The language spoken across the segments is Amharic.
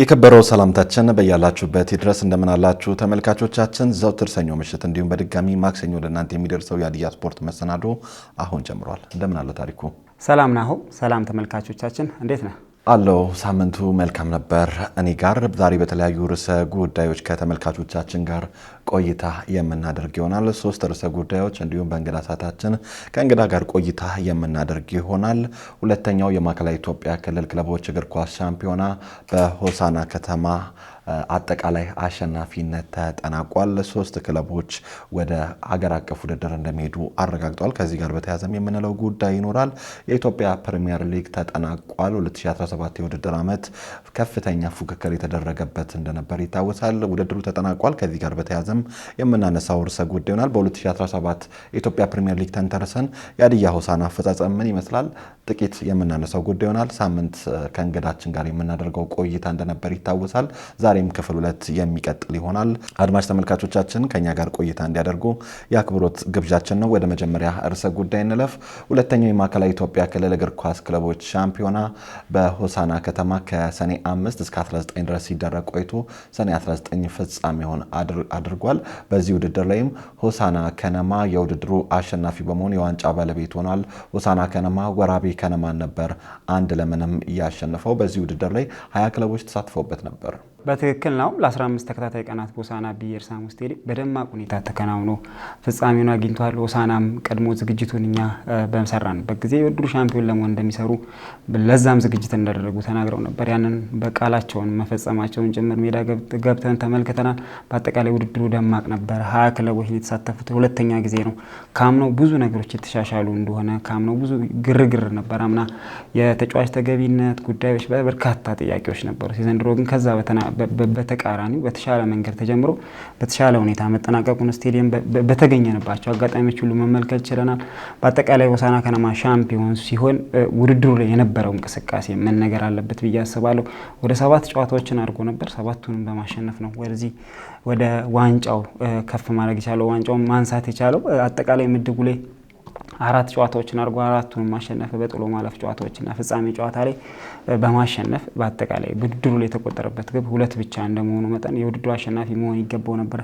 የከበረው ሰላምታችን በያላችሁበት ይድረስ። እንደምናላችሁ ተመልካቾቻችን፣ ዘውትር ሰኞ ምሽት እንዲሁም በድጋሚ ማክሰኞ ለእናንተ የሚደርሰው የሀዲያ ስፖርት መሰናዶ አሁን ጀምሯል። እንደምናለ ታሪኩ። ሰላም ናሁ። ሰላም ተመልካቾቻችን፣ እንዴት ነህ? አለው ሳምንቱ መልካም ነበር። እኔ ጋር ዛሬ በተለያዩ ርዕሰ ጉዳዮች ከተመልካቾቻችን ጋር ቆይታ የምናደርግ ይሆናል። ሶስት ርዕሰ ጉዳዮች እንዲሁም በእንግዳ ሰዓታችን ከእንግዳ ጋር ቆይታ የምናደርግ ይሆናል። ሁለተኛው የማዕከላዊ ኢትዮጵያ ክልል ክለቦች እግር ኳስ ሻምፒዮና በሆሳና ከተማ አጠቃላይ አሸናፊነት ተጠናቋል። ሶስት ክለቦች ወደ አገር አቀፍ ውድድር እንደሚሄዱ አረጋግጠዋል። ከዚህ ጋር በተያያዘም የምንለው ጉዳይ ይኖራል። የኢትዮጵያ ፕሪሚየር ሊግ ተጠናቋል። 2017 የውድድር ዓመት ከፍተኛ ፉክክር የተደረገበት እንደነበር ይታወሳል። ውድድሩ ተጠናቋል። ከዚህ ጋር በተያያዘም የምናነሳው እርሰ ጉዳይ ይሆናል። በ2017 የኢትዮጵያ ፕሪሚየር ሊግ ተንተርሰን የአድያ ሆሳዕና አፈጻጸም ምን ይመስላል ጥቂት የምናነሳው ጉዳይ ይሆናል። ሳምንት ከእንግዳችን ጋር የምናደርገው ቆይታ እንደነበር ይታወሳል። ዛሬ ዛሬም ክፍል ሁለት የሚቀጥል ይሆናል። አድማጭ ተመልካቾቻችን ከኛ ጋር ቆይታ እንዲያደርጉ የአክብሮት ግብዣችን ነው። ወደ መጀመሪያ ርዕሰ ጉዳይ እንለፍ። ሁለተኛው የማዕከላዊ ኢትዮጵያ ክልል እግር ኳስ ክለቦች ሻምፒዮና በሆሳና ከተማ ከሰኔ 5 እስከ 19 ድረስ ሲደረግ ቆይቶ ሰኔ 19 ሆን አድርጓል። በዚህ ውድድር ላይም ሆሳና ከነማ የውድድሩ አሸናፊ በመሆን የዋንጫ ባለቤት ሆኗል። ሆሳና ከነማ ወራቤ ከነማን ነበር አንድ ለምንም እያሸነፈው። በዚህ ውድድር ላይ ሀያ ክለቦች ተሳትፈውበት ነበር። በትክክል ነው። ለ15 ተከታታይ ቀናት ሆሳዕና ቢየርሳ ሳሙስ ስቴዲየም በደማቅ ሁኔታ ተከናውኖ ፍጻሜውን አግኝቷል። ሆሳዕናም ቀድሞ ዝግጅቱን እኛ በሰራንበት ጊዜ የውድድሩ ሻምፒዮን ለመሆን እንደሚሰሩ ለዛም ዝግጅት እንዳደረጉ ተናግረው ነበር። ያንን በቃላቸውን መፈጸማቸውን ጭምር ሜዳ ገብተን ተመልክተናል። በአጠቃላይ ውድድሩ ደማቅ ነበር። ሀያ ክለቦች የተሳተፉት ሁለተኛ ጊዜ ነው። ከአምናው ብዙ ነገሮች የተሻሻሉ እንደሆነ ከአምናው ብዙ ግርግር ነበር። አምና የተጫዋች ተገቢነት ጉዳዮች በርካታ ጥያቄዎች ነበሩ። የዘንድሮ ግን ከዛ በተቃራኒው በተሻለ መንገድ ተጀምሮ በተሻለ ሁኔታ መጠናቀቁን ስቴዲየም በተገኘንባቸው አጋጣሚዎች ሁሉ መመልከት ችለናል። በአጠቃላይ ሆሳዕና ከነማ ሻምፒዮን ሲሆን ውድድሩ ላይ የነበረው እንቅስቃሴ መነገር አለበት ብዬ አስባለሁ። ወደ ሰባት ጨዋታዎችን አድርጎ ነበር። ሰባቱንም በማሸነፍ ነው ወደዚህ ወደ ዋንጫው ከፍ ማድረግ የቻለው ዋንጫውን ማንሳት የቻለው አጠቃላይ ምድቡ ላይ አራት ጨዋታዎችን አድርጎ አራቱን ማሸነፍ በጥሎ ማለፍ ጨዋታዎችና ፍጻሜ ጨዋታ ላይ በማሸነፍ በአጠቃላይ ውድድሩ ላይ የተቆጠረበት ግብ ሁለት ብቻ እንደመሆኑ መጠን የውድድሩ አሸናፊ መሆን ይገባው ነበር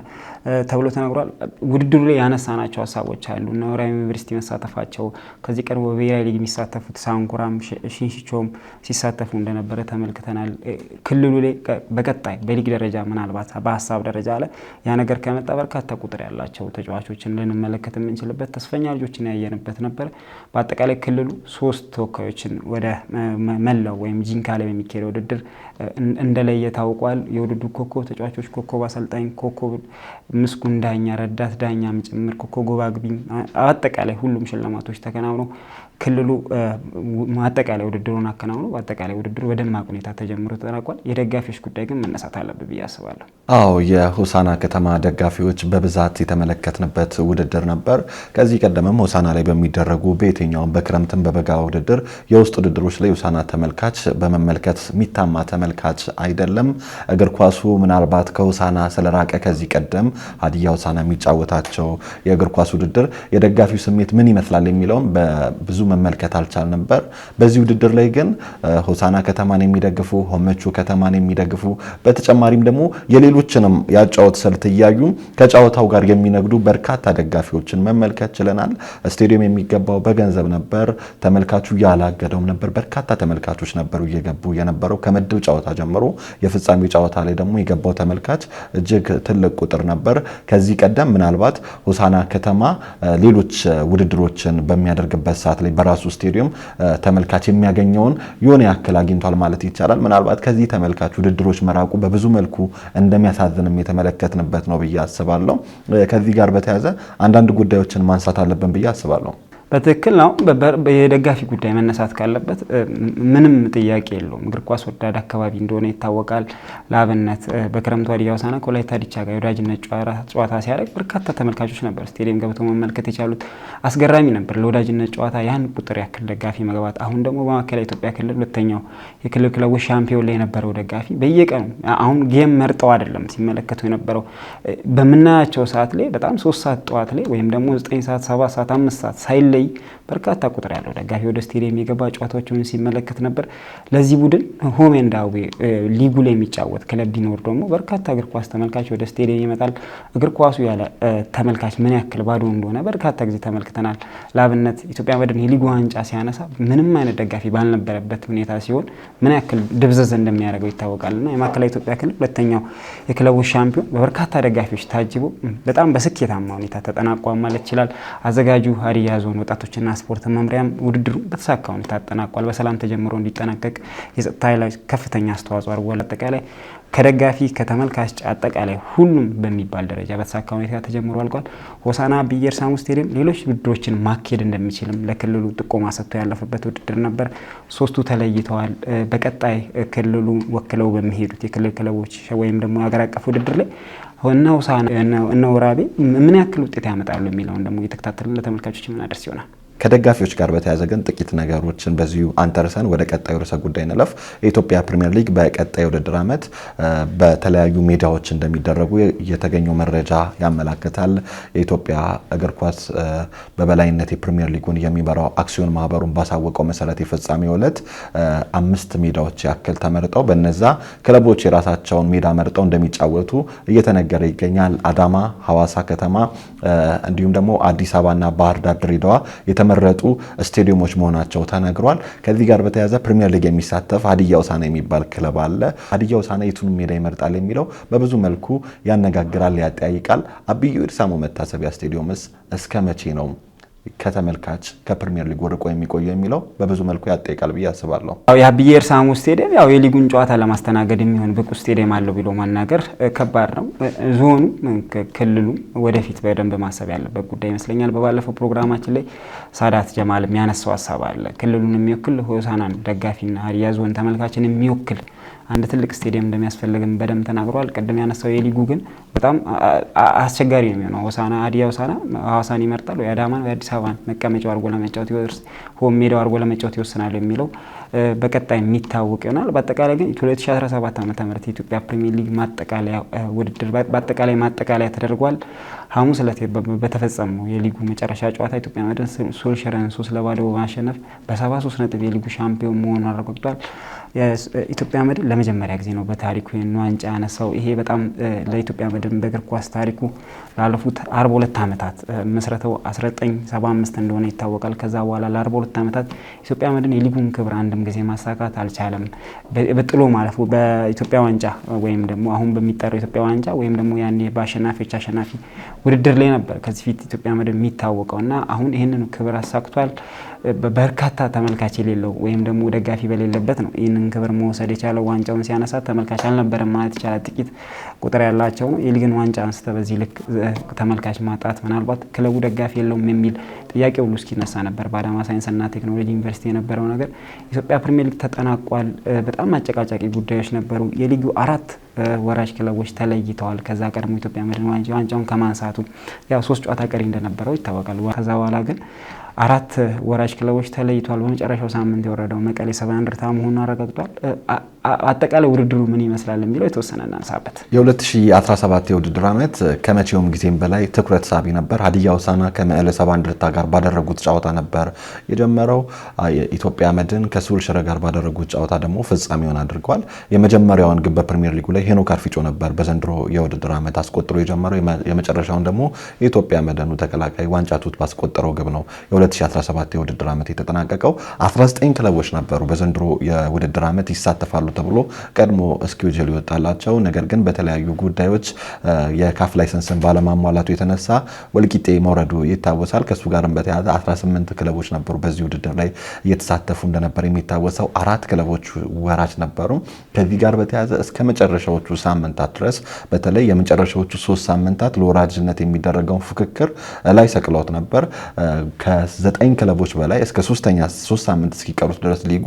ተብሎ ተነግሯል። ውድድሩ ላይ ያነሳናቸው ሀሳቦች አሉ። ነወራዊ ዩኒቨርሲቲ መሳተፋቸው ከዚህ ቀድሞ በብሔራዊ ሊግ የሚሳተፉት ሳንኩራም ሽንሽቾም ሲሳተፉ እንደነበረ ተመልክተናል። ክልሉ ላይ በቀጣይ በሊግ ደረጃ ምናልባት በሀሳብ ደረጃ አለ ያ ነገር ከመጣ በርካታ ቁጥር ያላቸው ተጫዋቾችን ልንመለከት የምንችልበት ተስፈኛ ልጆችን ያየ ያየንበት ነበር። በአጠቃላይ ክልሉ ሶስት ተወካዮችን ወደ መላው ወይም ጂንካ ላይ ውድድር እንደለየ ታውቋል። የውድድሩ ኮከብ ተጫዋቾች፣ ኮከብ አሰልጣኝ፣ ኮከብ ምስጉን ዳኛ፣ ረዳት ዳኛም ጭምር ኮከብ ጎባግቢ፣ አጠቃላይ ሁሉም ሽልማቶች ተከናውነው ክልሉ አጠቃላይ ውድድሩን አከናውኖ በአጠቃላይ ውድድሩ በደማቅ ሁኔታ ተጀምሮ ተጠናቋል። የደጋፊዎች ጉዳይ ግን መነሳት አለብ ብዬ አስባለሁ። አዎ የሆሳና ከተማ ደጋፊዎች በብዛት የተመለከትንበት ውድድር ነበር። ከዚህ ቀደምም ሆሳና ላይ በሚደረጉ በየትኛውም በክረምትም በበጋ ውድድር የውስጥ ውድድሮች ላይ ሆሳና ተመልካች በመመልከት የሚታማ ተመልካች አይደለም። እግር ኳሱ ምናልባት ከሆሳና ስለራቀ ከዚህ ቀደም ሀዲያ ሆሳና የሚጫወታቸው የእግር ኳስ ውድድር የደጋፊው ስሜት ምን ይመስላል የሚለውን በብዙ መመልከት አልቻል ነበር። በዚህ ውድድር ላይ ግን ሆሳና ከተማን የሚደግፉ ሆመቹ ከተማን የሚደግፉ በተጨማሪም ደግሞ የሌሎችንም ያጫወት ስልት እያዩ ከጨዋታው ጋር የሚነግዱ በርካታ ደጋፊዎችን መመልከት ችለናል። ስቴዲየም የሚገባው በገንዘብ ነበር። ተመልካቹ ያላገደውም ነበር። በርካታ ተመልካቾች ነበሩ እየገቡ የነበረው ከምድብ ጨዋታ ጀምሮ የፍጻሜው ጨዋታ ላይ ደግሞ የገባው ተመልካች እጅግ ትልቅ ቁጥር ነበር። ከዚህ ቀደም ምናልባት ሆሳና ከተማ ሌሎች ውድድሮችን በሚያደርግበት ሰዓት ላይ በራሱ ስቴዲየም ተመልካች የሚያገኘውን የሆነ ያክል አግኝቷል ማለት ይቻላል። ምናልባት ከዚህ ተመልካች ውድድሮች መራቁ በብዙ መልኩ እንደሚያሳዝንም የተመለከትንበት ነው ብዬ አስባለሁ። ከዚህ ጋር በተያያዘ አንዳንድ ጉዳዮችን ማንሳት አለብን ብዬ አስባለሁ። በትክክል ነው። የደጋፊ ጉዳይ መነሳት ካለበት ምንም ጥያቄ የለውም። እግር ኳስ ወዳድ አካባቢ እንደሆነ ይታወቃል። ለአብነት በክረምቱ ሀዲያ ሆሳዕና ከወላይታ ዲቻ ጋር የወዳጅነት ጨዋታ ሲያደርግ በርካታ ተመልካቾች ነበር ስቴዲየም ገብተው መመልከት የቻሉት። አስገራሚ ነበር ለወዳጅነት ጨዋታ ያን ቁጥር ያክል ደጋፊ መግባት። አሁን ደግሞ በማዕከላዊ ኢትዮጵያ ክልል ሁለተኛው የክልል ክለቦች ሻምፒዮን ላይ የነበረው ደጋፊ በየቀኑ አሁን ጌም መርጠው አይደለም ሲመለከቱ የነበረው በምናያቸው ሰዓት ላይ በጣም ሶስት ሰዓት ጠዋት ላይ ወይም ደግሞ ዘጠኝ ሰዓት ሰባት ሰዓት አምስት ሰዓት ሳይለይ Oui. በርካታ ቁጥር ያለው ደጋፊ ወደ ስቴዲየም የገባ ጨዋታዎችን ሲመለከት ነበር። ለዚህ ቡድን ሆም ኤንድ አዌ ሊጉ ላይ የሚጫወት ክለብ ቢኖር ደግሞ በርካታ እግር ኳስ ተመልካች ወደ ስቴዲየም ይመጣል። እግር ኳሱ ያለ ተመልካች ምን ያክል ባዶ እንደሆነ በርካታ ጊዜ ተመልክተናል። ለአብነት ኢትዮጵያ መድን የሊጉ ዋንጫ ሲያነሳ ምንም አይነት ደጋፊ ባልነበረበት ሁኔታ ሲሆን ምን ያክል ድብዘዝ እንደሚያደርገው ይታወቃል። እና የማዕከላዊ ኢትዮጵያ ክልል ሁለተኛው የክለቡ ሻምፒዮን በበርካታ ደጋፊዎች ታጅቦ በጣም በስኬታማ ሁኔታ ተጠናቋ ማለት ይችላል። አዘጋጁ ሀዲያ ዞን ወጣቶችና ትራንስፖርት መምሪያም ውድድሩ በተሳካ ሁኔታ አጠናቋል። በሰላም ተጀምሮ እንዲጠናቀቅ የጸጥታ ኃይሎች ከፍተኛ አስተዋጽኦ አድርጓል። አጠቃላይ ከደጋፊ ከተመልካች አጠቃላይ ሁሉም በሚባል ደረጃ በተሳካ ሁኔታ ተጀምሮ አልቋል። ሆሳና ብየር ስቴዲየም ሌሎች ውድድሮችን ማካሄድ እንደሚችልም ለክልሉ ጥቆማ ሰጥቶ ያለፈበት ውድድር ነበር። ሶስቱ ተለይተዋል። በቀጣይ ክልሉ ወክለው በሚሄዱት የክልል ክለቦች ወይም ደግሞ ሀገር አቀፍ ውድድር ላይ እነ ሆሳና ምን ያክል ውጤት ያመጣሉ የሚለውን ደግሞ የተከታተልን ለተመልካቾች ምን ይሆናል። ከደጋፊዎች ጋር በተያዘ ግን ጥቂት ነገሮችን በዚሁ አንተርሰን ወደ ቀጣዩ ርዕሰ ጉዳይ እንለፍ። የኢትዮጵያ ፕሪምየር ሊግ በቀጣይ ውድድር ዓመት በተለያዩ ሜዳዎች እንደሚደረጉ የተገኘው መረጃ ያመላክታል። የኢትዮጵያ እግር ኳስ በበላይነት የፕሪምየር ሊጉን የሚመራው አክሲዮን ማህበሩን ባሳወቀው መሰረት የፍጻሜው ዕለት አምስት ሜዳዎች ያክል ተመርጠው በነዛ ክለቦች የራሳቸውን ሜዳ መርጠው እንደሚጫወቱ እየተነገረ ይገኛል። አዳማ፣ ሐዋሳ ከተማ እንዲሁም ደግሞ አዲስ አበባና ባህር ዳር፣ ድሬዳዋ የተመረጡ ስቴዲየሞች መሆናቸው ተነግሯል። ከዚህ ጋር በተያያዘ ፕሪሚየር ሊግ የሚሳተፍ ሀዲያ ውሳና የሚባል ክለብ አለ። ሀዲያ ውሳና የቱን ሜዳ ይመርጣል የሚለው በብዙ መልኩ ያነጋግራል፣ ያጠያይቃል። አብዩ ኢርሳሞ መታሰቢያ ስቴዲየምስ እስከ መቼ ነው ከተመልካች ከፕሪሚየር ሊግ ወርቆ የሚቆዩ የሚለው በብዙ መልኩ ያጠይቃል ብዬ አስባለሁ። ያው የሀብዬ ኤርሳሙ ስቴዲየም ያው የሊጉን ጨዋታ ለማስተናገድ የሚሆን ብቁ ስቴዲየም አለው ብሎ ማናገር ከባድ ነው። ዞኑ ክልሉም ወደፊት በደንብ ማሰብ ያለበት ጉዳይ ይመስለኛል። በባለፈው ፕሮግራማችን ላይ ሳዳት ጀማል የሚያነሳው ሀሳብ አለ። ክልሉን የሚወክል ሆሳናን ደጋፊና ሀዲያ ዞን ተመልካችን የሚወክል አንድ ትልቅ ስቴዲየም እንደሚያስፈልግም በደንብ ተናግሯል። ቅድም ያነሳው የሊጉ ግን በጣም አስቸጋሪ ነው የሚሆነው። ሆሳና አዲያ ሆሳና ሀዋሳን ይመርጣል ወይ አዳማን ወይ አዲስ አበባን መቀመጫው አድርጎ ለመጫወት ሆም ሜዳው አድርጎ ለመጫወት ይወስናል የሚለው በቀጣይ የሚታወቅ ይሆናል። በአጠቃላይ ግን 2017 ዓ ም የኢትዮጵያ ፕሪሚየር ሊግ ማጠቃለያ ውድድር በአጠቃላይ ማጠቃለያ ተደርጓል። ሐሙስ ዕለት በተፈጸመው የሊጉ መጨረሻ ጨዋታ ኢትዮጵያ መድን ሶልሸረን ሶስት ለባዶ በማሸነፍ በ73 ነጥብ የሊጉ ሻምፒዮን መሆኑን አረጋግጧል። የኢትዮጵያ መድን ለመጀመሪያ ጊዜ ነው በታሪኩ ዋንጫ ያነሳው። ይሄ በጣም ለኢትዮጵያ መድን በእግር ኳስ ታሪኩ ላለፉት ሁለት ዓመታት መስረተው 1975 እንደሆነ ይታወቃል። ከዛ በኋላ ለ ሁለት ዓመታት ኢትዮጵያ መድን የሊጉን ክብር አንድም ጊዜ ማሳካት አልቻለም። በጥሎ ማለፉ በኢትዮጵያ ዋንጫ ወይም ደግሞ አሁን በሚጠራው ኢትዮጵያ ዋንጫ ወይም ደግሞ ያኔ በአሸናፊዎች አሸናፊ ውድድር ላይ ነበር ከዚህ ፊት ኢትዮጵያ መድን የሚታወቀው እና አሁን ይህንን ክብር አሳክቷል። በርካታ ተመልካች የሌለው ወይም ደግሞ ደጋፊ በሌለበት ነው ይህንን ክብር መውሰድ የቻለው። ዋንጫውን ሲያነሳ ተመልካች አልነበረም ማለት ይቻላል። ጥቂት ቁጥር ያላቸው የሊግን ዋንጫ አንስተ በዚህ ልክ ተመልካች ማጣት ምናልባት ክለቡ ደጋፊ የለውም የሚል ጥያቄ ሁሉ እስኪነሳ ነበር። በአዳማ ሳይንስና ቴክኖሎጂ ዩኒቨርሲቲ የነበረው ነገር ኢትዮጵያ ፕሪሚየር ሊግ ተጠናቋል። በጣም አጨቃጫቂ ጉዳዮች ነበሩ። የሊጉ አራት ወራጅ ክለቦች ተለይተዋል። ከዛ ቀድሞ ኢትዮጵያ መድን ዋንጫውን ከማንሳቱ ያው ሶስት ጨዋታ ቀሪ እንደነበረው ይታወቃል። ከዛ በኋላ ግን አራት ወራጅ ክለቦች ተለይቷል። በመጨረሻው ሳምንት የወረደው መቀሌ ሰባ እንደርታ መሆኑ አረጋግጧል። አጠቃላይ ውድድሩ ምን ይመስላል የሚለው የተወሰነ እናንሳበት። የ2017 የውድድር ዓመት ከመቼውም ጊዜም በላይ ትኩረት ሳቢ ነበር። ሀዲያ ሆሳዕና ከመቀሌ ሰባ እንደርታ ጋር ባደረጉት ጨዋታ ነበር የጀመረው። ኢትዮጵያ መድን ከሱል ሽረ ጋር ባደረጉት ጨዋታ ደግሞ ፍጻሜውን አድርገዋል። የመጀመሪያውን ግብ በፕሪሚየር ሊጉ ላይ ሄኖክ አርፊጮ ነበር በዘንድሮ የውድድር ዓመት አስቆጥሮ የጀመረው። የመጨረሻውን ደግሞ የኢትዮጵያ መድኑ ተከላካይ ዋንጫ ቱት ባስቆጠረው ግብ ነው። 2017 የውድድር ዓመት የተጠናቀቀው 19 ክለቦች ነበሩ በዘንድሮ የውድድር ዓመት ይሳተፋሉ ተብሎ ቀድሞ እስኪውጀል ይወጣላቸው። ነገር ግን በተለያዩ ጉዳዮች የካፍ ላይሰንስን ባለማሟላቱ የተነሳ ወልቂጤ መውረዱ ይታወሳል። ከእሱ ጋርም በተያያዘ 18 ክለቦች ነበሩ በዚህ ውድድር ላይ እየተሳተፉ እንደነበር የሚታወሰው አራት ክለቦች ወራጅ ነበሩ። ከዚህ ጋር በተያያዘ እስከ መጨረሻዎቹ ሳምንታት ድረስ በተለይ የመጨረሻዎቹ ሶስት ሳምንታት ለወራጅነት የሚደረገውን ፉክክር ላይ ሰቅለውት ነበር። ከዘጠኝ ክለቦች በላይ እስከ ሶስተኛ ሶስት ሳምንት እስኪቀሩት ድረስ ሊጉ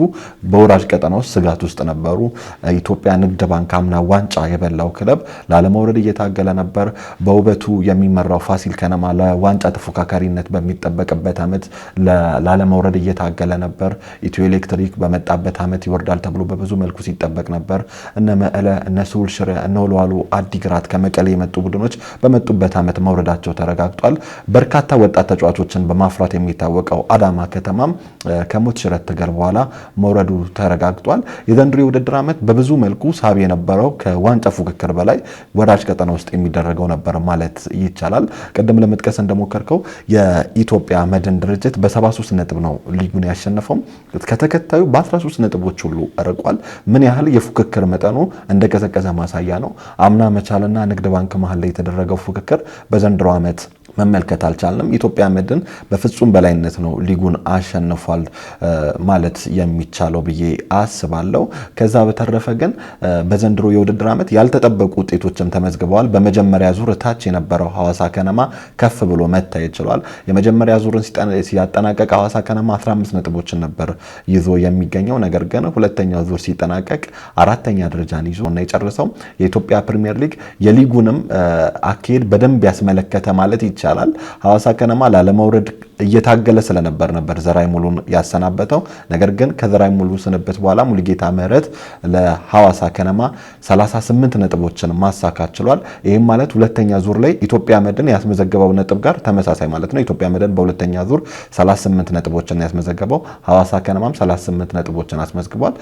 በወራጅ ቀጠና ውስጥ ስጋት ውስጥ ነበሩ። ኢትዮጵያ ንግድ ባንክ አምና ዋንጫ የበላው ክለብ ላለመውረድ እየታገለ ነበር። በውበቱ የሚመራው ፋሲል ከነማ ለዋንጫ ተፎካካሪነት በሚጠበቅበት ዓመት ላለመውረድ እየታገለ ነበር። ኢትዮ ኤሌክትሪክ በመጣበት ዓመት ይወርዳል ተብሎ በብዙ መልኩ ሲጠበቅ ነበር። እነ መዕለ፣ እነ ስውል ሽረ፣ እነ ወልዋሎ አዲግራት ከመቀሌ የመጡ ቡድኖች በመጡበት ዓመት መውረዳቸው ተረጋግጧል። በርካታ ወጣት ተጫዋቾችን በማፍራት የሚ የሚታወቀው አዳማ ከተማም ከሞት ሽረት ትግል በኋላ መውረዱ ተረጋግጧል። የዘንድሮ የውድድር ዓመት በብዙ መልኩ ሳቢ የነበረው ከዋንጫ ፉክክር በላይ ወራጅ ቀጠና ውስጥ የሚደረገው ነበር ማለት ይቻላል። ቅድም ለመጥቀስ እንደሞከርከው የኢትዮጵያ መድን ድርጅት በ73 ነጥብ ነው ሊጉን ያሸነፈው። ከተከታዩ በ13 ነጥቦች ሁሉ ርቋል። ምን ያህል የፉክክር መጠኑ እንደቀዘቀዘ ማሳያ ነው። አምና መቻልና ንግድ ባንክ መሀል ላይ የተደረገው ፉክክር በዘንድሮ ዓመት መመልከት አልቻለም። ኢትዮጵያ መድን በፍጹም በላይነት ነው ሊጉን አሸንፏል ማለት የሚቻለው ብዬ አስባለሁ። ከዛ በተረፈ ግን በዘንድሮ የውድድር ዓመት ያልተጠበቁ ውጤቶችም ተመዝግበዋል። በመጀመሪያ ዙር ታች የነበረው ሐዋሳ ከነማ ከፍ ብሎ መታየት ችሏል። የመጀመሪያ ዙርን ሲያጠናቀቅ ሐዋሳ ከነማ 15 ነጥቦችን ነበር ይዞ የሚገኘው። ነገር ግን ሁለተኛው ዙር ሲጠናቀቅ አራተኛ ደረጃን ይዞ እና የጨረሰው የኢትዮጵያ ፕሪሚየር ሊግ የሊጉንም አካሄድ በደንብ ያስመለከተ ማለት ይቻላል። ይቻላል። ሐዋሳ ከነማ ላለመውረድ እየታገለ ስለነበር ነበር ዘራይ ሙሉን ያሰናበተው። ነገር ግን ከዘራይ ሙሉ ስንብት በኋላ ሙሉጌታ ምህረት ለሐዋሳ ከነማ 38 ነጥቦችን ማሳካት ችሏል። ይህም ማለት ሁለተኛ ዙር ላይ ኢትዮጵያ መድን ያስመዘገበው ነጥብ ጋር ተመሳሳይ ማለት ነው። ኢትዮጵያ መድን በሁለተኛ ዙር 38 ነጥቦችን ያስመዘገበው፣ ሐዋሳ ከነማም 38 ነጥቦችን አስመዝግቧል።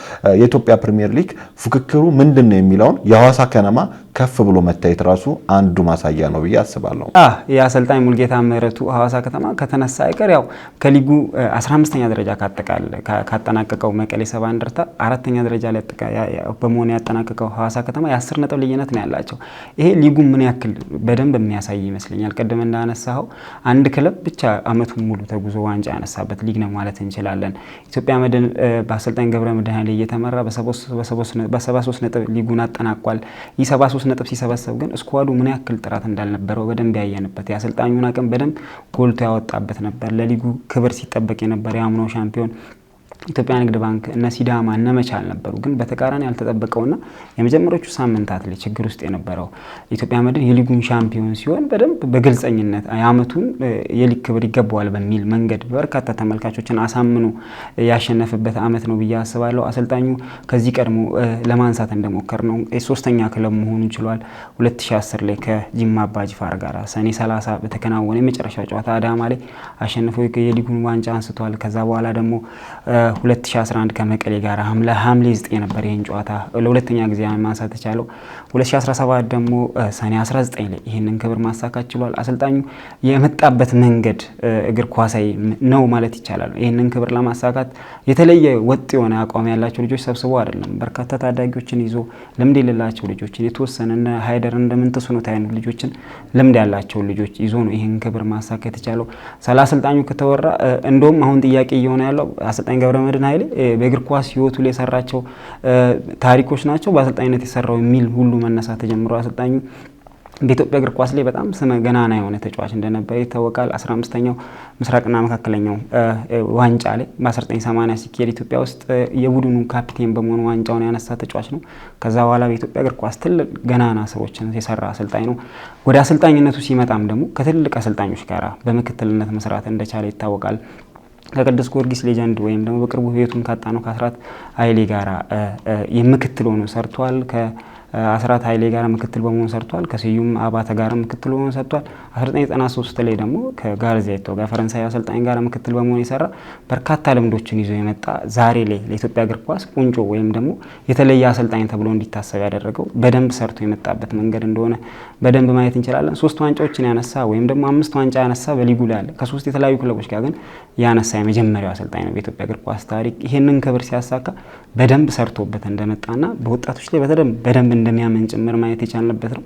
የኢትዮጵያ ፕሪሚየር ሊግ ፉክክሩ ምንድን ነው የሚለውን የሐዋሳ ከነማ ከፍ ብሎ መታየት ራሱ አንዱ ማሳያ ነው ብዬ አስባለሁ። አሰልጣኝ ሙልጌታ ምህረቱ ሀዋሳ ከተማ ከተነሳ አይቀር ያው ከሊጉ 15ኛ ደረጃ ካጠናቀቀው መቀሌ ሰባ እንደርታ አራተኛ ደረጃ ላይ በመሆን ያጠናቀቀው ሀዋሳ ከተማ የ10 ነጥብ ልዩነት ነው ያላቸው። ይሄ ሊጉ ምን ያክል በደንብ የሚያሳይ ይመስለኛል። ቅድም እንዳነሳኸው አንድ ክለብ ብቻ አመቱን ሙሉ ተጉዞ ዋንጫ ያነሳበት ሊግ ነው ማለት እንችላለን። ኢትዮጵያ መድን በአሰልጣኝ ገብረ መድህን እየተመራ በ73 ነጥብ ሊጉን አጠናቋል። ይህ 73 ነጥብ ሲሰበሰብ ግን ስኳዱ ምን ያክል ጥራት እንዳልነበረው በደንብ ያየንበት የአሰልጣኝ የፍጻሜውን አቅም በደንብ ጎልቶ ያወጣበት ነበር። ለሊጉ ክብር ሲጠበቅ የነበረ የአምናው ሻምፒዮን ኢትዮጵያ ንግድ ባንክ እነ ሲዳማ እነ መቻል ነበሩ። ግን በተቃራኒ ያልተጠበቀውና የመጀመሪያዎቹ ሳምንታት ላይ ችግር ውስጥ የነበረው ኢትዮጵያ መድን የሊጉን ሻምፒዮን ሲሆን በደንብ በግልጸኝነት አመቱን የሊግ ክብር ይገባዋል በሚል መንገድ በርካታ ተመልካቾችን አሳምኖ ያሸነፈበት አመት ነው ብዬ አስባለሁ። አሰልጣኙ ከዚህ ቀድሞ ለማንሳት እንደሞከር ነው ሶስተኛ ክለብ መሆኑ ችሏል። 2010 ላይ ከጂማ አባጅፋር ጋር ሰኔ 30 በተከናወነ የመጨረሻ ጨዋታ አዳማ ላይ አሸንፎ የሊጉን ዋንጫ አንስቷል። ከዛ በኋላ ደግሞ 2011 ከመቀሌ ጋር ሐምሌ 9 ነበር ይህን ጨዋታ ለሁለተኛ ጊዜ ማንሳት ተቻለው። 2017 ደግሞ ሰኔ 19 ላይ ይህንን ክብር ማሳካት ችሏል። አሰልጣኙ የመጣበት መንገድ እግር ኳሳዊ ነው ማለት ይቻላል። ይህንን ክብር ለማሳካት የተለየ ወጥ የሆነ አቋም ያላቸው ልጆች ሰብስቦ አይደለም። በርካታ ታዳጊዎችን ይዞ ልምድ የሌላቸው ልጆችን የተወሰነ ሀይደር እንደምንተሱኖት አይነት ልጆችን ልምድ ያላቸውን ልጆች ይዞ ነው ይህን ክብር ማሳካት የተቻለው። ስለ አሰልጣኙ ከተወራ እንደውም አሁን ጥያቄ እየሆነ ያለው አሰልጣኝ ገብረ መድን ኃይሌ በእግር ኳስ ህይወቱ ላይ የሰራቸው ታሪኮች ናቸው በአሰልጣኝነት የሰራው የሚል ሁሉ መነሳት ተጀምሮ አሰልጣኙ በኢትዮጵያ እግር ኳስ ላይ በጣም ስመ ገናና የሆነ ተጫዋች እንደነበረ ይታወቃል። 15ኛው ምስራቅና መካከለኛው ዋንጫ ላይ በ1980 ሲካሄድ ኢትዮጵያ ውስጥ የቡድኑ ካፒቴን በመሆኑ ዋንጫውን ያነሳ ተጫዋች ነው። ከዛ በኋላ በኢትዮጵያ እግር ኳስ ትልቅ ገናና ስራዎችን የሰራ አሰልጣኝ ነው። ወደ አሰልጣኝነቱ ሲመጣም ደግሞ ከትልቅ አሰልጣኞች ጋር በምክትልነት መስራት እንደቻለ ይታወቃል። ከቅዱስ ጊዮርጊስ ሌጀንድ ወይም ደግሞ በቅርቡ ህይወቱን ካጣ ነው ከአስራት ኃይሌ ጋራ የምክትል ሆኖ ሰርቷል። ከአስራት ኃይሌ ጋር ምክትል በመሆን ሰርቷል። ከስዩም አባተ ጋር ምክትል በመሆን ሰርቷል። 1993 ላይ ደግሞ ከጋርዜቶ ጋር ፈረንሳዊ አሰልጣኝ ጋር ምክትል በመሆን የሰራ በርካታ ልምዶችን ይዞ የመጣ ዛሬ ላይ ለኢትዮጵያ እግር ኳስ ቁንጮ ወይም ደግሞ የተለየ አሰልጣኝ ተብሎ እንዲታሰብ ያደረገው በደንብ ሰርቶ የመጣበት መንገድ እንደሆነ በደንብ ማየት እንችላለን። ሶስት ዋንጫዎችን ያነሳ ወይም ደግሞ አምስት ዋንጫ ያነሳ በሊጉ ላይ አለ። ከሶስት የተለያዩ ክለቦች ጋር ግን ያነሳ የመጀመሪያው አሰልጣኝ ነው በኢትዮጵያ እግር ኳስ ታሪክ። ይህንን ክብር ሲያሳካ በደንብ ሰርቶበት እንደመጣና በወጣቶች ላይ በደንብ እንደሚያምን ጭምር ማየት የቻልንበት ነው።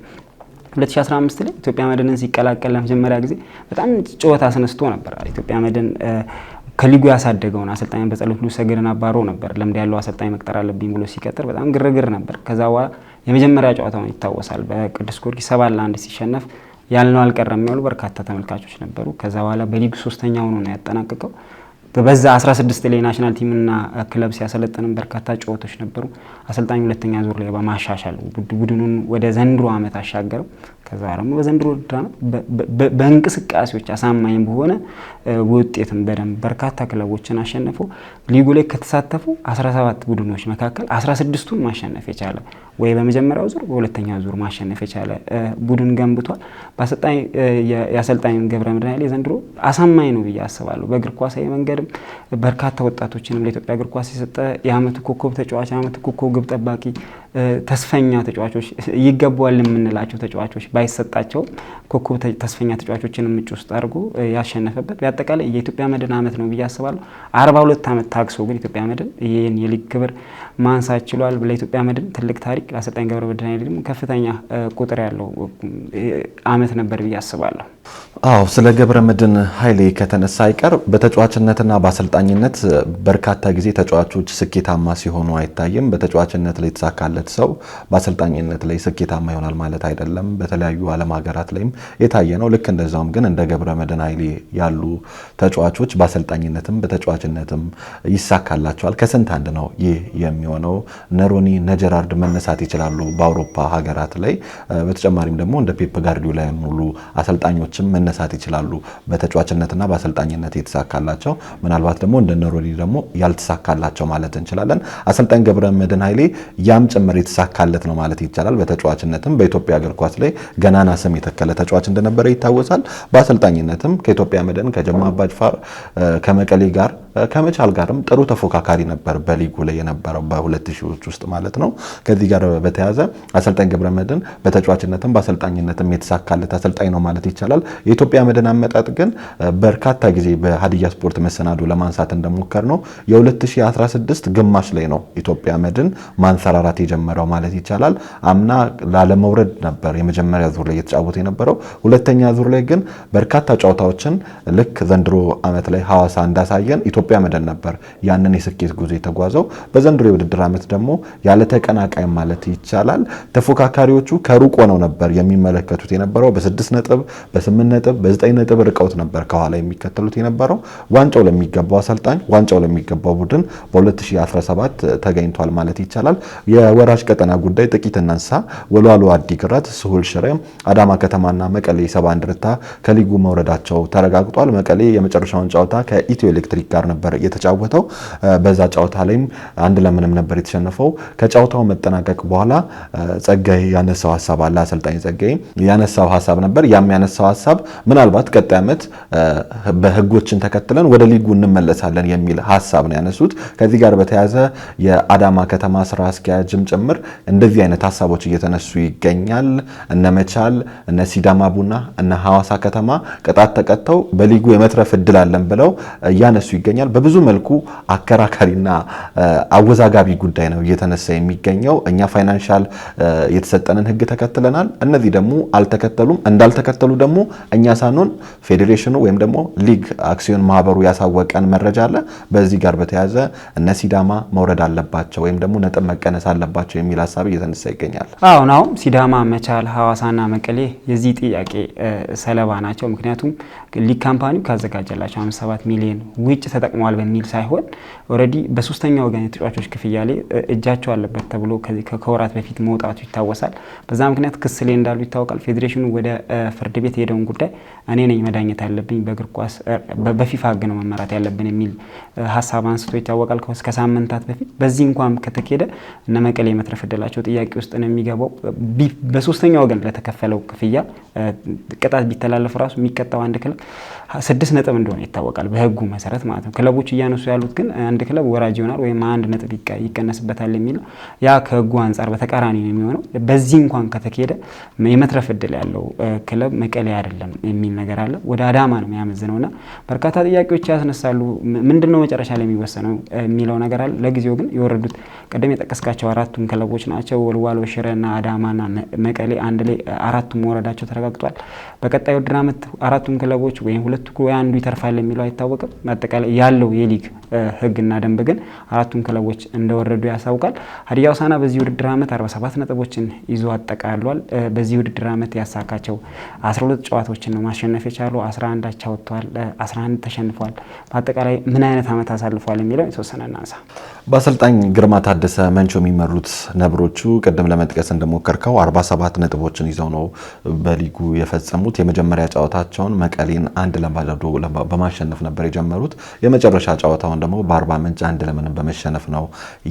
2015 ላይ ኢትዮጵያ መድንን ሲቀላቀል ለመጀመሪያ ጊዜ በጣም ጨዋታ አስነስቶ ነበር። ኢትዮጵያ መድን ከሊጉ ያሳደገውን አሰልጣኝ በጸሎት ሉሰገድን አባሮ ነበር። ልምድ ያለው አሰልጣኝ መቅጠር አለብኝ ብሎ ሲቀጥር በጣም ግርግር ነበር። ከዛ በኋላ የመጀመሪያ ጨዋታውን ይታወሳል። በቅዱስ ጊዮርጊስ ሰባት ለአንድ ሲሸነፍ ያልነው አልቀረም የሚያሉ በርካታ ተመልካቾች ነበሩ። ከዛ በኋላ በሊግ ሶስተኛ ሆኖ ነው ያጠናቀቀው። በዛ 16 ላይ ናሽናል ቲምና ክለብ ሲያሰለጥንም በርካታ ጨዋታዎች ነበሩ። አሰልጣኝ ሁለተኛ ዙር ላይ በማሻሻል ቡድኑን ወደ ዘንድሮ ዓመት አሻገረው። ከዛ ደግሞ በዘንድሮ በእንቅስቃሴዎች አሳማኝ በሆነ ውጤትም በደንብ በርካታ ክለቦችን አሸንፎ ሊጉ ላይ ከተሳተፉ 17 ቡድኖች መካከል 16ቱን ማሸነፍ የቻለ ወይ በመጀመሪያው ዙር በሁለተኛ ዙር ማሸነፍ የቻለ ቡድን ገንብቷል። የአሰልጣኝ ገብረመድህን ኃይሌ ዘንድሮ አሳማኝ ነው ብዬ አስባለሁ። በእግር ኳሳዊ መንገድም በርካታ ወጣቶችንም ለኢትዮጵያ እግር ኳስ የሰጠ የዓመቱ ኮከብ ተጫዋች፣ የዓመቱ ኮከብ ግብ ጠባቂ ተስፈኛ ተጫዋቾች ይገባዋል የምንላቸው ተጫዋቾች ባይሰጣቸውም ኮከብ ተስፈኛ ተጫዋቾችን ምጭ ውስጥ አድርጎ ያሸነፈበት በአጠቃላይ የኢትዮጵያ መድን ዓመት ነው ብዬ አስባለሁ። አርባ ሁለት ዓመት ታግሶ ግን ኢትዮጵያ መድን ይህን የሊግ ክብር ማንሳት ችሏል። ለኢትዮጵያ መድን ትልቅ ታሪክ፣ ለአሰልጣኝ ገብረ ደግሞ ከፍተኛ ቁጥር ያለው ዓመት ነበር ብዬ አስባለሁ። አዎ ስለ ገብረ መድህን ኃይሌ ከተነሳ አይቀር በተጫዋችነትና በአሰልጣኝነት በርካታ ጊዜ ተጫዋቾች ስኬታማ ሲሆኑ አይታይም። በተጫዋችነት ላይ የተሳካለት ሰው በአሰልጣኝነት ላይ ስኬታማ ይሆናል ማለት አይደለም። በተለያዩ ዓለም ሀገራት ላይም የታየ ነው። ልክ እንደዛውም ግን እንደ ገብረ መድን ኃይሌ ያሉ ተጫዋቾች በአሰልጣኝነትም በተጫዋችነትም ይሳካላቸዋል። ከስንት አንድ ነው ይህ የሚሆነው። ነሮኒ ነጀራርድ መነሳት ይችላሉ በአውሮፓ ሀገራት ላይ። በተጨማሪም ደግሞ እንደ ፔፕ ጋርዲዮላ ያሉ አሰልጣኞች ተጫዋቾችም መነሳት ይችላሉ። በተጫዋችነትና በአሰልጣኝነት የተሳካላቸው ምናልባት ደግሞ እንደነ ሮኒ ደግሞ ያልተሳካላቸው ማለት እንችላለን። አሰልጣኝ ገብረ መድን ኃይሌ ያም ጭምር የተሳካለት ነው ማለት ይቻላል። በተጫዋችነትም በኢትዮጵያ እግር ኳስ ላይ ገናና ስም የተከለ ተጫዋች እንደነበረ ይታወሳል። በአሰልጣኝነትም ከኢትዮጵያ መድን ከጀማ አባጅፋር ከመቀሌ ጋር ከመቻል ጋርም ጥሩ ተፎካካሪ ነበር በሊጉ ላይ የነበረው በሁለት ሺዎች ውስጥ ማለት ነው። ከዚህ ጋር በተያዘ አሰልጣኝ ገብረ መድን በተጫዋችነትም በአሰልጣኝነትም የተሳካለት አሰልጣኝ ነው ማለት ይቻላል። ይችላል። የኢትዮጵያ መድን አመጣጥ ግን በርካታ ጊዜ በሀዲያ ስፖርት መሰናዶ ለማንሳት እንደሞከር ነው የ2016 ግማሽ ላይ ነው ኢትዮጵያ መድን ማንሰራራት የጀመረው ማለት ይቻላል። አምና ላለመውረድ ነበር የመጀመሪያ ዙር ላይ የተጫወተ የነበረው። ሁለተኛ ዙር ላይ ግን በርካታ ጨዋታዎችን ልክ ዘንድሮ ዓመት ላይ ሐዋሳ እንዳሳየን ኢትዮጵያ መድን ነበር ያንን የስኬት ጉዞ የተጓዘው። በዘንድሮ የውድድር ዓመት ደግሞ ያለ ተቀናቃይ ማለት ይቻላል ተፎካካሪዎቹ ከሩቅ ሆነው ነበር የሚመለከቱት የነበረው በስድስት ነጥብ በስምንት ነጥብ በዘጠኝ ነጥብ ርቀውት ነበር ከኋላ የሚከተሉት የነበረው። ዋንጫው ለሚገባው አሰልጣኝ ዋንጫው ለሚገባው ቡድን በ2017 ተገኝቷል ማለት ይቻላል። የወራጅ ቀጠና ጉዳይ ጥቂት እናንሳ። ወልዋሎ አዲግራት፣ ስሁል ሽረ፣ አዳማ ከተማና መቀሌ ሰባ እንደርታ ከሊጉ መውረዳቸው ተረጋግጧል። መቀሌ የመጨረሻውን ጨዋታ ከኢትዮ ኤሌክትሪክ ጋር ነበር የተጫወተው። በዛ ጨዋታ ላይም አንድ ለምንም ነበር የተሸነፈው። ከጨዋታው መጠናቀቅ በኋላ ጸጋይ ያነሳው ሀሳብ አለ አሰልጣኝ ጸጋይ ያነሳው ሀሳብ ነበር ያም ያነሳው ሀሳብ ምናልባት ቀጣይ ዓመት በህጎችን ተከትለን ወደ ሊጉ እንመለሳለን የሚል ሀሳብ ነው ያነሱት። ከዚህ ጋር በተያያዘ የአዳማ ከተማ ስራ አስኪያጅም ጭምር እንደዚህ አይነት ሀሳቦች እየተነሱ ይገኛል። እነ መቻል፣ እነ ሲዳማ ቡና፣ እነ ሀዋሳ ከተማ ቅጣት ተቀጥተው በሊጉ የመትረፍ እድል አለን ብለው እያነሱ ይገኛል። በብዙ መልኩ አከራካሪና አወዛጋቢ ጉዳይ ነው እየተነሳ የሚገኘው። እኛ ፋይናንሻል የተሰጠንን ህግ ተከትለናል፣ እነዚህ ደግሞ አልተከተሉም። እንዳልተከተሉ ደግሞ እኛ ሳንሆን ፌዴሬሽኑ ወይም ደግሞ ሊግ አክሲዮን ማህበሩ ያሳወቀን መረጃ አለ። በዚህ ጋር በተያያዘ እነ ሲዳማ መውረድ አለባቸው ወይም ደግሞ ነጥብ መቀነስ አለባቸው የሚል ሀሳብ እየተነሳ ይገኛል። አሁን አሁን ሲዳማ፣ መቻል፣ ሀዋሳና መቀሌ የዚህ ጥያቄ ሰለባ ናቸው። ምክንያቱም ሊግ ካምፓኒው ካዘጋጀላቸው 57 ሚሊዮን ውጭ ተጠቅመዋል በሚል ሳይሆን ኦልሬዲ በሶስተኛ ወገን የተጫዋቾች ክፍያ ላይ እጃቸው አለበት ተብሎ ከወራት በፊት መውጣቱ ይታወሳል። በዛ ምክንያት ክስ ላይ እንዳሉ ይታወቃል። ፌዴሬሽኑ ወደ ፍርድ ቤት ሄደው የሚለውን ጉዳይ እኔ ነኝ መዳኘት ያለብኝ በእግር ኳስ በፊፋ ሕግ ነው መመራት ያለብን የሚል ሀሳብ አንስቶ ይታወቃል። እስከ ሳምንታት በፊት በዚህ እንኳን ከተኬደ እነ መቀሌ መትረፍ እድላቸው ጥያቄ ውስጥ ነው የሚገባው። በሶስተኛ ወገን ለተከፈለው ክፍያ ቅጣት ቢተላለፍ ራሱ የሚቀጣው አንድ ክለብ ስድስት ነጥብ እንደሆነ ይታወቃል፣ በህጉ መሰረት ማለት ነው። ክለቦች እያነሱ ያሉት ግን አንድ ክለብ ወራጅ ይሆናል ወይም አንድ ነጥብ ይቀነስበታል የሚለው ያ ከህጉ አንጻር በተቃራኒ ነው የሚሆነው። በዚህ እንኳን ከተካሄደ የመትረፍ እድል ያለው ክለብ መቀሌ አይደለም የሚል ነገር አለ። ወደ አዳማ ነው የሚያመዝነው እና በርካታ ጥያቄዎች ያስነሳሉ። ምንድን ነው መጨረሻ ላይ የሚወሰነው የሚለው ነገር አለ። ለጊዜው ግን የወረዱት ቀደም የጠቀስካቸው አራቱም ክለቦች ናቸው። ወልዋሎ፣ ሽረና አዳማና መቀሌ አንድ ላይ አራቱም ወረዳቸው ተረጋግጧል። በቀጣይ ውድድር ዓመት አራቱም ክለቦች ወይም ከሁለቱ አንዱ ይተርፋል የሚለው አይታወቅም። አጠቃላይ ያለው የሊግ ህግና ደንብ ግን አራቱን ክለቦች እንደወረዱ ያሳውቃል። ሀዲያ ሆሳዕና በዚህ ውድድር ዓመት 47 ነጥቦችን ይዞ አጠቃሏል። በዚህ ውድድር ዓመት ያሳካቸው 12 ጨዋታዎችን ነው ማሸነፍ የቻለው። 11 አቻ ወጥተዋል፣ 11 ተሸንፏል በአጠቃላይ ምን አይነት ዓመት አሳልፏል የሚለው የተወሰነ እናንሳ። በአሰልጣኝ ግርማ ታደሰ መንቾ የሚመሩት ነብሮቹ ቅድም ለመጥቀስ እንደሞከርከው 47 ነጥቦችን ይዘው ነው በሊጉ የፈጸሙት። የመጀመሪያ ጨዋታቸውን መቀሌን አንድ ለ በማሸነፍ ነበር የጀመሩት። የመጨረሻ ጨዋታውን ደግሞ በአርባ ምንጭ አንድ ለምንም በመሸነፍ ነው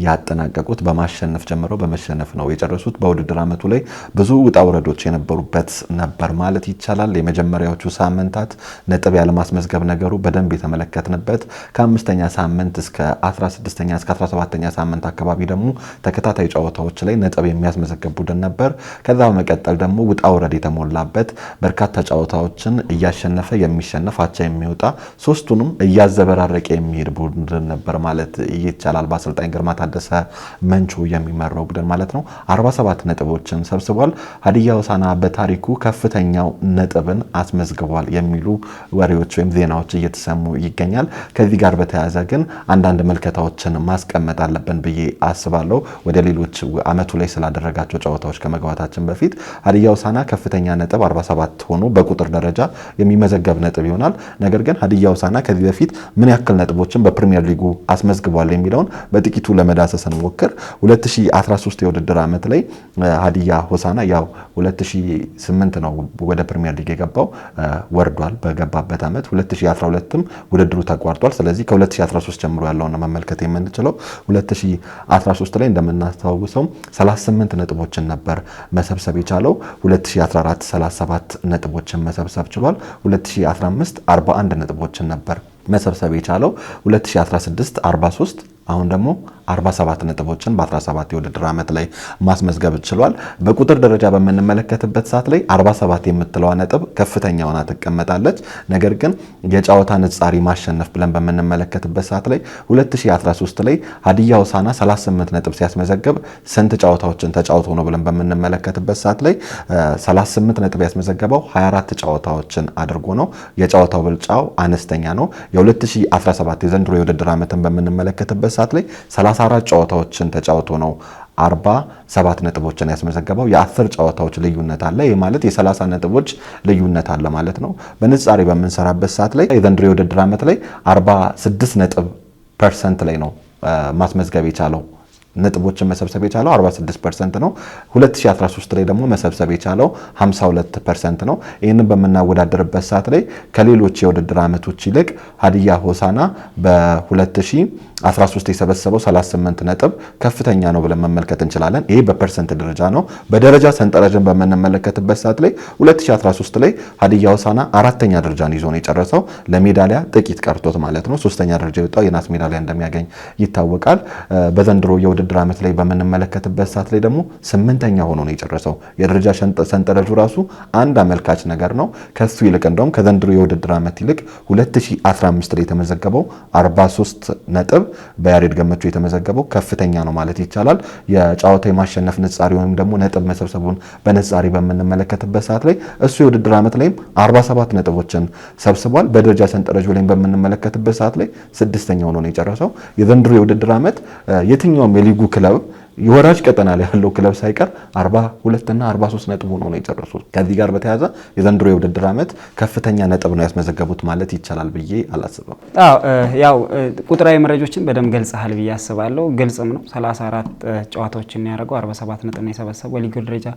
ያጠናቀቁት። በማሸነፍ ጀምረው በመሸነፍ ነው የጨረሱት። በውድድር ዓመቱ ላይ ብዙ ውጣ ውረዶች የነበሩበት ነበር ማለት ይቻላል። የመጀመሪያዎቹ ሳምንታት ነጥብ ያለማስመዝገብ ነገሩ በደንብ የተመለከትንበት ከአምስተኛ ሳምንት እስከ 16ኛ እስከ 17ኛ ሳምንት አካባቢ ደግሞ ተከታታይ ጨዋታዎች ላይ ነጥብ የሚያስመዘገብ ቡድን ነበር። ከዛ በመቀጠል ደግሞ ውጣ ውረድ የተሞላበት በርካታ ጨዋታዎችን እያሸነፈ የሚሸነፍ እየተሸነፈ አቻ የሚወጣ ሶስቱንም እያዘበራረቀ የሚሄድ ቡድን ነበር ማለት ይቻላል። በአሰልጣኝ ግርማ ታደሰ መንቾ የሚመራው ቡድን ማለት ነው። 47 ነጥቦችን ሰብስቧል። ሀዲያ ሆሳዕና በታሪኩ ከፍተኛው ነጥብን አስመዝግቧል የሚሉ ወሬዎች ወይም ዜናዎች እየተሰሙ ይገኛል። ከዚህ ጋር በተያያዘ ግን አንዳንድ መልከታዎችን ማስቀመጥ አለብን ብዬ አስባለሁ። ወደ ሌሎች አመቱ ላይ ስላደረጋቸው ጨዋታዎች ከመግባታችን በፊት ሀዲያ ሆሳዕና ከፍተኛ ነጥብ 47 ሆኖ በቁጥር ደረጃ የሚመዘገብ ነጥብ ይሆናል። ነገር ግን ሀዲያ ሆሳዕና ከዚህ በፊት ምን ያክል ነጥቦችን በፕሪሚየር ሊጉ አስመዝግቧል የሚለውን በጥቂቱ ለመዳሰስ እንሞክር። 2013 የውድድር ዓመት ላይ ሀዲያ ሆሳዕና ያው 2008 ነው ወደ ፕሪሚየር ሊግ የገባው ወርዷል። በገባበት ዓመት 2012ም ውድድሩ ተቋርጧል። ስለዚህ ከ2013 ጀምሮ ያለውን መመልከት የምንችለው 2013 ላይ እንደምናስታውሰው 38 ነጥቦችን ነበር መሰብሰብ የቻለው 2014 37 ነጥቦችን መሰብሰብ ችሏል። 2015 2015 41 ነጥቦችን ነበር መሰብሰብ የቻለው 2016 43 አሁን ደግሞ 47 ነጥቦችን በ17 የውድድር ዓመት ላይ ማስመዝገብ ችሏል። በቁጥር ደረጃ በምንመለከትበት ሰዓት ላይ 47 የምትለዋ ነጥብ ከፍተኛ ሆና ትቀመጣለች። ነገር ግን የጨዋታ ንጻሪ ማሸነፍ ብለን በምንመለከትበት ሰዓት ላይ 2013 ላይ ሀዲያ ሆሳዕና 38 ነጥብ ሲያስመዘግብ ስንት ጨዋታዎችን ተጫውቶ ነው ብለን በምንመለከትበት ሰዓት ላይ 38 ነጥብ ያስመዘገበው 24 ጨዋታዎችን አድርጎ ነው። የጨዋታው ብልጫው አነስተኛ ነው። የ2017 የዘንድሮ የውድድር ዓመትን በምንመለከትበት ሰዓት ላይ 34 ጨዋታዎችን ተጫውቶ ነው 47 ነጥቦችን ያስመዘገበው። የ10 ጨዋታዎች ልዩነት አለ። ይህ ማለት የ30 ነጥቦች ልዩነት አለ ማለት ነው። በንጻሪ በምንሰራበት ሰዓት ላይ የዘንድሮ የውድድር ዓመት ላይ 46 ነጥብ ፐርሰንት ላይ ነው ማስመዝገብ የቻለው ነጥቦችን መሰብሰብ የቻለው 46 ፐርሰንት ነው። 2013 ላይ ደግሞ መሰብሰብ የቻለው 52 ፐርሰንት ነው። ይህንን በምናወዳደርበት ሰዓት ላይ ከሌሎች የውድድር ዓመቶች ይልቅ ሀዲያ ሆሳና በ2013 የሰበሰበው 38 ነጥብ ከፍተኛ ነው ብለን መመልከት እንችላለን። ይህ በፐርሰንት ደረጃ ነው። በደረጃ ሰንጠረዥን በምንመለከትበት ሰዓት ላይ 2013 ላይ ሀዲያ ሆሳና አራተኛ ደረጃን ይዞ ነው የጨረሰው። ለሜዳሊያ ጥቂት ቀርቶት ማለት ነው። ሶስተኛ ደረጃ የወጣው የናስ ሜዳሊያ እንደሚያገኝ ይታወቃል። በዘንድሮ የውድድር የውድድር ዓመት ላይ በምንመለከትበት ሰዓት ላይ ደግሞ ስምንተኛ ሆኖ ነው የጨረሰው። የደረጃ ሰንጠረዡ ራሱ አንድ አመልካች ነገር ነው። ከሱ ይልቅ እንደውም ከዘንድሮ የውድድር ዓመት ይልቅ 2015 ላይ የተመዘገበው 43 ነጥብ በያሬድ ገመቹ የተመዘገበው ከፍተኛ ነው ማለት ይቻላል። የጨዋታ የማሸነፍ ንጻሪ ወይም ደግሞ ነጥብ መሰብሰቡን በንጻሪ በምንመለከትበት ሰዓት ላይ እሱ የውድድር ዓመት ላይም 47 ነጥቦችን ሰብስቧል። በደረጃ ሰንጠረዡ ላይ በምንመለከትበት ሰዓት ላይ ስድስተኛ ሆኖ ነው የጨረሰው። የዘንድሮ የውድድር ዓመት የትኛውም ሊጉ ክለብ የወራጅ ቀጠና ላይ ያለው ክለብ ሳይቀር 42 እና 43 ነጥብ ሆኖ ነው የጨረሱት። ከዚህ ጋር በተያያዘ የዘንድሮ የውድድር ዓመት ከፍተኛ ነጥብ ነው ያስመዘገቡት ማለት ይቻላል ብዬ አላስብም። ያው ቁጥራዊ መረጃዎችን በደንብ ገልጸሃል ብዬ አስባለሁ። ግልጽም ነው 34 ጨዋታዎችን ያደረገው 47 ነጥብ ነው የሰበሰበው በሊጉ ደረጃ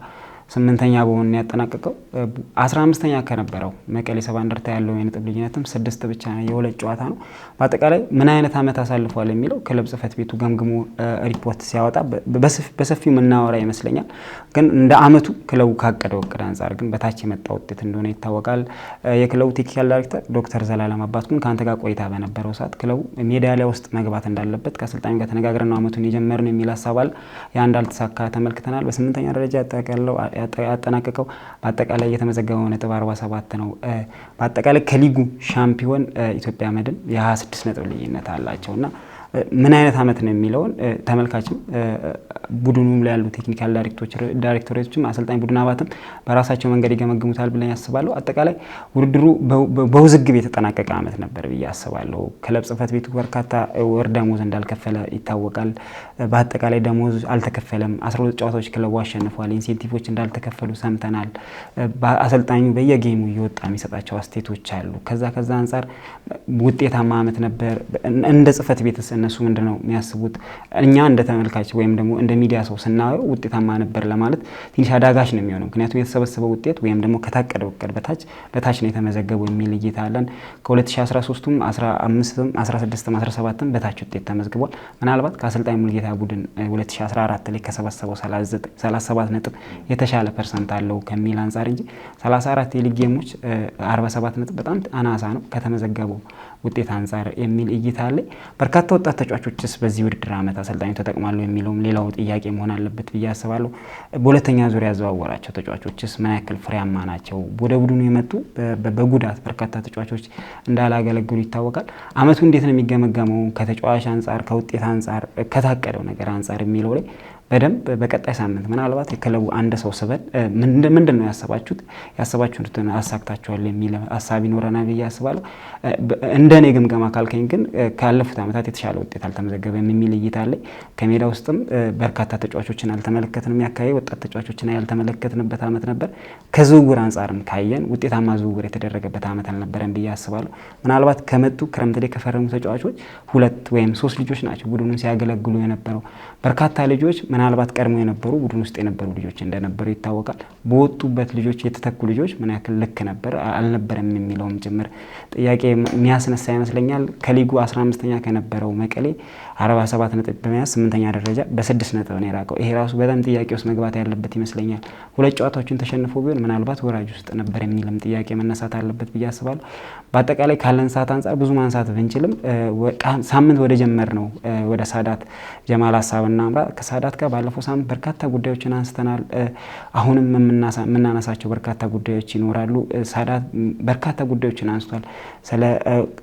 ስምንተኛ በሆን ያጠናቀቀው አስራ አምስተኛ ከነበረው መቀሌ ሰባ እንደርታ ያለው የነጥብ ልዩነትም ስድስት ብቻ ነው። የሁለት ጨዋታ ነው። በአጠቃላይ ምን አይነት ዓመት አሳልፏል የሚለው ክለብ ጽሕፈት ቤቱ ገምግሞ ሪፖርት ሲያወጣ በሰፊው የምናወራ ይመስለኛል። ግን እንደ ዓመቱ ክለቡ ካቀደው እቅድ አንጻር ግን በታች የመጣ ውጤት እንደሆነ ይታወቃል። የክለቡ ቴክኒካል ዳይሬክተር ዶክተር ዘላለም አባትኩን ከአንተ ጋር ቆይታ በነበረው ሰዓት ክለቡ ሜዳሊያ ውስጥ መግባት እንዳለበት ከአሰልጣኙ ጋር ተነጋግረን ነው ዓመቱን የጀመርነው የሚል ሀሳብ አለ። ያ እንዳልተሳካ ተመልክተናል። በስምንተኛ ደረጃ ያጠቃለው ያጠናቀቀው። በአጠቃላይ የተመዘገበው ነጥብ 47 ነው። በአጠቃላይ ከሊጉ ሻምፒዮን ኢትዮጵያ መድን የ26 ነጥብ ልዩነት አላቸው እና ምን አይነት አመት ነው የሚለውን ተመልካችም ቡድኑም ላይ ያሉ ቴክኒካል ዳይሬክቶሬቶችም አሰልጣኝ ቡድን አባትም በራሳቸው መንገድ ይገመግሙታል ብለን ያስባለሁ። አጠቃላይ ውድድሩ በውዝግብ የተጠናቀቀ ዓመት ነበር ብዬ አስባለሁ። ክለብ ጽህፈት ቤቱ በርካታ ወር ደሞዝ እንዳልከፈለ ይታወቃል። በአጠቃላይ ደሞዝ አልተከፈለም። 12 ጨዋታዎች ክለቡ አሸንፏል። ኢንሴንቲቮች እንዳልተከፈሉ ሰምተናል። አሰልጣኙ በየጌሙ እየወጣ የሚሰጣቸው አስቴቶች አሉ። ከዛ ከዛ አንጻር ውጤታማ ዓመት ነበር። እንደ ጽህፈት ቤትስ እነሱ ምንድነው የሚያስቡት? እኛ እንደ ተመልካች ወይም ደግሞ እንደ ሚዲያ ሰው ስናየው ውጤታማ ነበር ለማለት ትንሽ አዳጋች ነው የሚሆነው። ምክንያቱም የተሰበሰበው ውጤት ወይም ደግሞ ከታቀደ እቅድ በታች በታች ነው የተመዘገበው የሚል እይታ አለን። ከ2013ም 15ም 16ም 17ም በታች ውጤት ተመዝግቧል። ምናልባት ከአሰልጣኝ ሙልጌታ ቡድን 2014 ላይ ከሰበሰበው 37 ነጥብ የተሻለ ፐርሰንት አለው ከሚል አንጻር እንጂ 34 የሊግ ጌሞች 47 ነጥብ በጣም አናሳ ነው ከተመዘገበው ውጤት አንጻር የሚል እይታ አለ። በርካታ ወጣት ተጫዋቾችስ በዚህ ውድድር ዓመት አሰልጣኙ ተጠቅማሉ የሚለውም ሌላው ጥያቄ መሆን አለበት ብዬ አስባለሁ። በሁለተኛ ዙሪያ ያዘዋወራቸው ተጫዋቾችስ ምን ያክል ፍሬያማ ናቸው? ወደ ቡድኑ የመጡ በጉዳት በርካታ ተጫዋቾች እንዳላገለግሉ ይታወቃል። ዓመቱ እንዴት ነው የሚገመገመው ከተጫዋች አንጻር፣ ከውጤት አንጻር፣ ከታቀደው ነገር አንጻር የሚለው ላይ በደንብ በቀጣይ ሳምንት ምናልባት የክለቡ አንድ ሰው ስበን ምንድን ነው ያሰባችሁት አሳክታችኋል የሚል ሀሳብ ይኖረናል ብዬ አስባለሁ። እንደ እኔ ግምገማ ካልከኝ ግን ካለፉት ዓመታት የተሻለ ውጤት አልተመዘገበም የሚል እይታ አለኝ። ከሜዳ ውስጥም በርካታ ተጫዋቾችን አልተመለከትንም። ያካባቢ ወጣት ተጫዋቾችን ያልተመለከትንበት ዓመት ነበር። ከዝውውር አንጻርም ካየን ውጤታማ ዝውውር የተደረገበት ዓመት አልነበረም ብዬ አስባለሁ። ምናልባት ከመጡ ክረምት ላይ ከፈረሙ ተጫዋቾች ሁለት ወይም ሶስት ልጆች ናቸው ቡድኑን ሲያገለግሉ የነበረው በርካታ ልጆች ምናልባት ቀድሞ የነበሩ ቡድን ውስጥ የነበሩ ልጆች እንደነበሩ ይታወቃል። በወጡበት ልጆች የተተኩ ልጆች ምን ያክል ልክ ነበር አልነበረም የሚለውም ጭምር ጥያቄ የሚያስነሳ ይመስለኛል። ከሊጉ 15 አምስተኛ ከነበረው መቀሌ ሰባት ነጥብ በመያዝ ስምንተኛ ደረጃ በስድስት ነጥብ ነው የራቀው። ይሄ ራሱ በጣም ጥያቄ ውስጥ መግባት ያለበት ይመስለኛል። ሁለት ጨዋታዎችን ተሸንፎ ቢሆን ምናልባት ወራጅ ውስጥ ነበር የሚልም ጥያቄ መነሳት አለበት ብዬ አስባለሁ። በአጠቃላይ ካለን ሰዓት አንጻር ብዙ ማንሳት ብንችልም ሳምንት ወደ ጀመር ነው ወደ ሳዳት ጀማል ሀሳብና ከሳዳት ጋር ባለፈው ሳምንት በርካታ ጉዳዮችን አንስተናል። አሁንም የምናነሳቸው በርካታ ጉዳዮች ይኖራሉ። ሳዳት በርካታ ጉዳዮችን አንስቷል። ስለ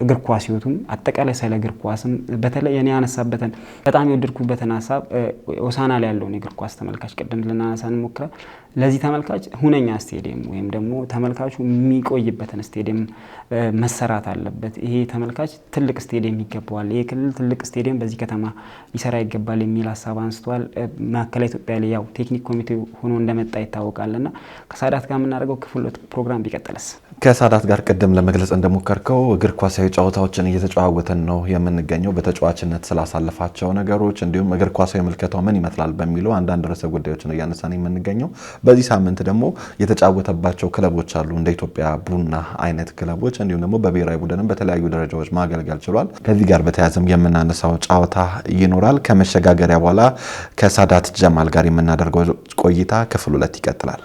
እግር ኳስ ህይወቱም አጠቃላይ ስለ እግር ኳስም በተለይ እኔ አነሳ የተነሳበትን በጣም የወደድኩበትን ሀሳብ ሆሳዕና ላይ ያለውን የእግር ኳስ ተመልካች ቅድም ልናነሳ እንሞክራል ለዚህ ተመልካች ሁነኛ ስቴዲየም ወይም ደግሞ ተመልካቹ የሚቆይበትን ስቴዲየም መሰራት አለበት። ይሄ ተመልካች ትልቅ ስቴዲየም ይገባዋል፣ ይሄ ክልል ትልቅ ስቴዲየም በዚህ ከተማ ሊሰራ ይገባል የሚል ሀሳብ አንስተዋል። ማዕከላዊ ኢትዮጵያ ላይ ያው ቴክኒክ ኮሚቴ ሆኖ እንደመጣ እና ከሳዳት ጋር የምናደርገው ክፍሎት ፕሮግራም ቢቀጥልስ? ከሳዳት ጋር ቅድም ለመግለጽ እንደሞከርከው እግር ኳሳዊ ጨዋታዎችን እየተጨዋወተን ነው የምንገኘው። በተጫዋችነት ስላሳለፋቸው ነገሮች እንዲሁም እግር ኳሳዊ ምልከታው ምን ይመስላል በሚለው አንዳንድ ርዕሰ ጉዳዮችን እያነሳን የምንገኘው በዚህ ሳምንት ደግሞ የተጫወተባቸው ክለቦች አሉ እንደ ኢትዮጵያ ቡና አይነት ክለቦች እንዲሁም ደግሞ በብሔራዊ ቡድንም በተለያዩ ደረጃዎች ማገልገል ችሏል። ከዚህ ጋር በተያያዘም የምናነሳው ጨዋታ ይኖራል። ከመሸጋገሪያ በኋላ ከሳዳት ጀማል ጋር የምናደርገው ቆይታ ክፍል ሁለት ይቀጥላል።